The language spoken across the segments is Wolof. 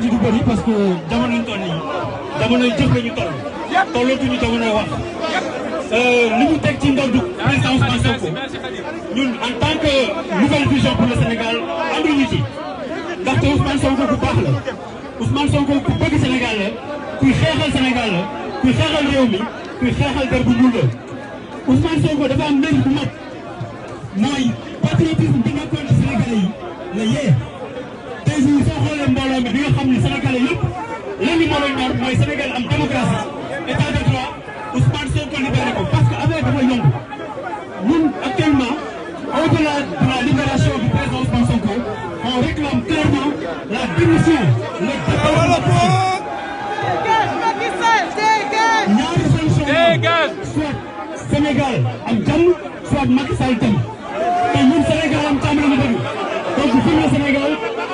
wax ji du bëri parce que jamono ñu toll nii jamono jëf la ñu toll tollatuñu jamono wax euh, li mu teg ci ndodd président Ousmane Sonko ñun en tant que nouvelle vision pour le Sénégal anduñu ci ndaxte Ousmane ku baax la Ousmane Sonko ku bëgg Sénégal la kuy xeexal Sénégal la kuy xeexal réew mi kuy xeexal dër bu la Ousmane Sonko dafa am mérite bu mooy patriotisme bi nekkoon ci Sénégal yi la yee Sénégal am jàmm soit Macky Sall dem te ñun Sénégal am jàmm la ñu bëgg donc vive le Sénégal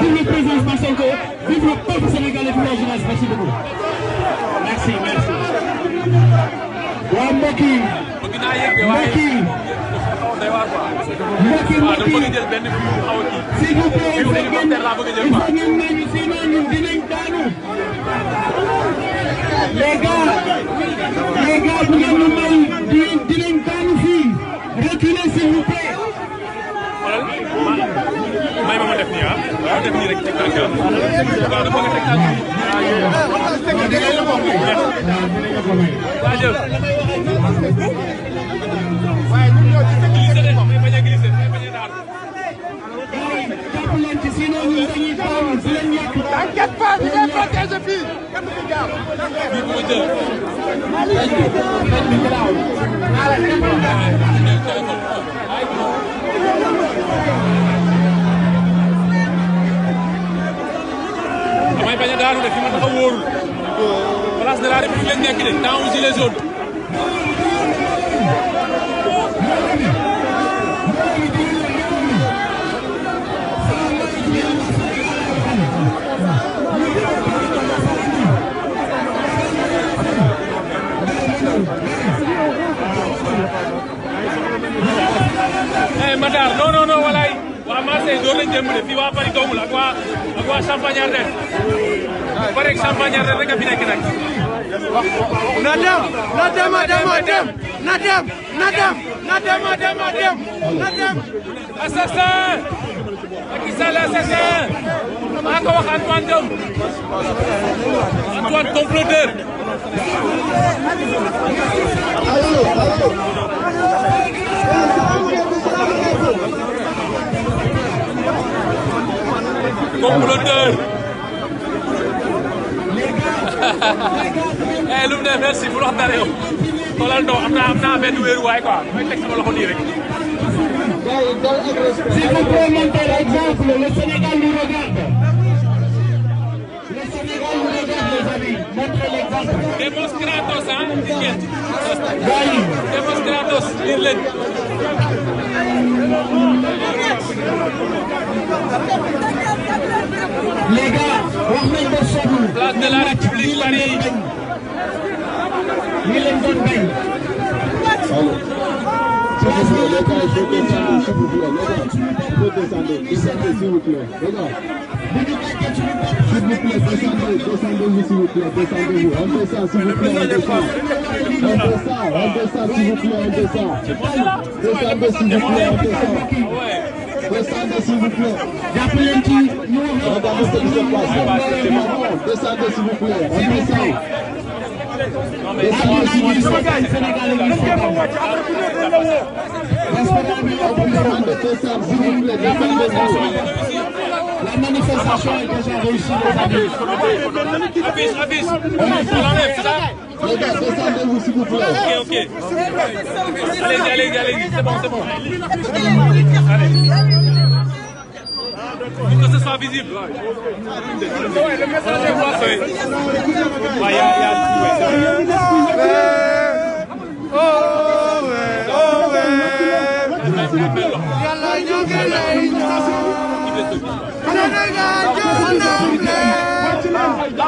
vive le président Ousmane Sonko vive le peuple sénégalais vive la jeunesse merci beaucoup merci merci. waaw mbokk yi mbokk yi mbokk yi ah, s'il vous plaît il faut ngeen il faut ngeen nañu sinon ñun dinañ daanu. les gars les gars bu ngeen ñu may di dinañ daanu fii reculer s'il vous plaît. may ma ma def nii ah ma def nii rek teg tànk waaw dafa nga teg tànk waaw jël damay bañ a daanu de fi ma tax a wóorul. place de la République lañ nekk de temps wu gilet Dakar non non non walaay waa Marseille doon lañ démb de fii waa Paris dongul ak waa ak waa Champagne Ardenne ba rek Champagne Ardenne rek a fi nekk nag. na dem na dem a dem a dem na dem na dem na dem a dem a dem na dem. assassin Macky Sall assassin maa ko wax Antoine Diome Antoine comploteur. Allô, allô. Comploteur eh lu mu ne merci bu wax dara yow xoolal ndox am naa am naa benn wéeruwaay quoi mooy teg sama loxo nii rek. Si vous pouvez montrer l'exemple, le Sénégal nous regarde. Le Sénégal nous regarde, les amis. Montrez l'exemple. Démonstrez à tous, hein, jos liir leen les gars wax nañ ba sonn place de la République Paris lii leen doon bañ les gars S'il vous plaît, descendez, descendez-vous, s'il vous plaît, descendez-vous. On descend, s'il vous plaît, on descend. On descend, on descend, s'il vous plaît, on descend. Descendez, s'il vous plaît, on descend. Descendez, s'il vous plaît. Jàpp leen ci ñu wax. Regardez ce qui se passe. Descendez, s'il vous plaît, on descend. Descendez, s'il vous plaît. Descendez, s'il vous plaît, descendez-vous. attention. Abuse, abuse. On enlève, c'est ça Ok, ok. Allez-y, allez-y, allez-y. C'est bon, c'est bon. Allez. Pour que ce soit visible. Le message est